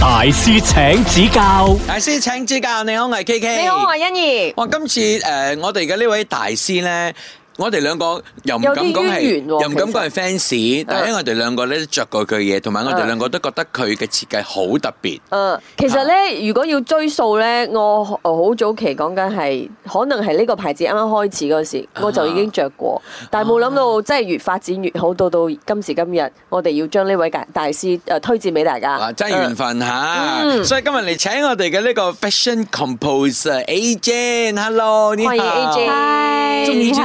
大師請指教，大師請指教。你好，我係 KK。你好，我係欣宜。哇，今次誒、呃，我哋嘅呢位大師咧。我哋兩個又唔敢講係，又唔敢講係 fans，但係因為我哋兩個咧着過佢嘅嘢，同埋我哋兩個都覺得佢嘅設計好特別。嗯，其實咧，如果要追溯咧，我好早期講緊係，可能係呢個牌子啱啱開始嗰陣時，我就已經着過，但係冇諗到真係越發展越好，到到今時今日，我哋要將呢位大師誒推薦俾大家。嗱，真係緣分嚇，所以今日嚟請我哋嘅呢個 fashion composer A-Jane，hello，你好，歡迎 A-Jane，終於見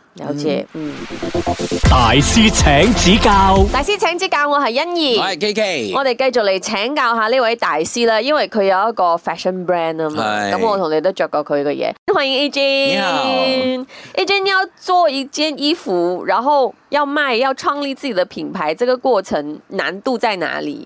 有謝，嗯。嗯、大師請指教，大師請指教，我係欣宜，我係 K K，我哋繼續嚟請教下呢位大師啦，因為佢有一個 fashion brand 啊嘛，咁我同你都着過佢嘅嘢。歡迎 A-Jane，A-Jane 要做一件衣服，然後要賣，要創立自己的品牌，這個過程難度在哪裏？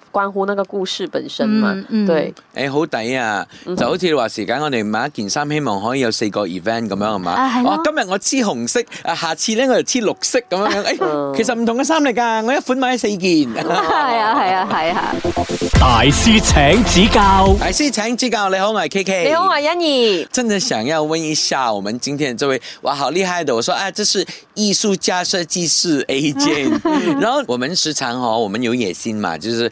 關乎那個故事本身嘛，嗯嗯、對，誒、欸、好抵啊，就好似話時間我哋買一件衫，希望可以有四個 event 咁樣係嘛，啊喔、哇今日我黐紅色，啊下次咧我就黐綠色咁樣，誒其實唔同嘅衫嚟噶，我一款買四件。係啊係啊係啊，啊啊啊大師請指教，大師請指教，你好，我係 K K，你好，我係欣怡，真的想要問一下，我們今天這位，哇好厲害的，我說，哎、啊，這是藝術家設計師 A-Jane， 然後我們時常哦，我們有野心嘛，就是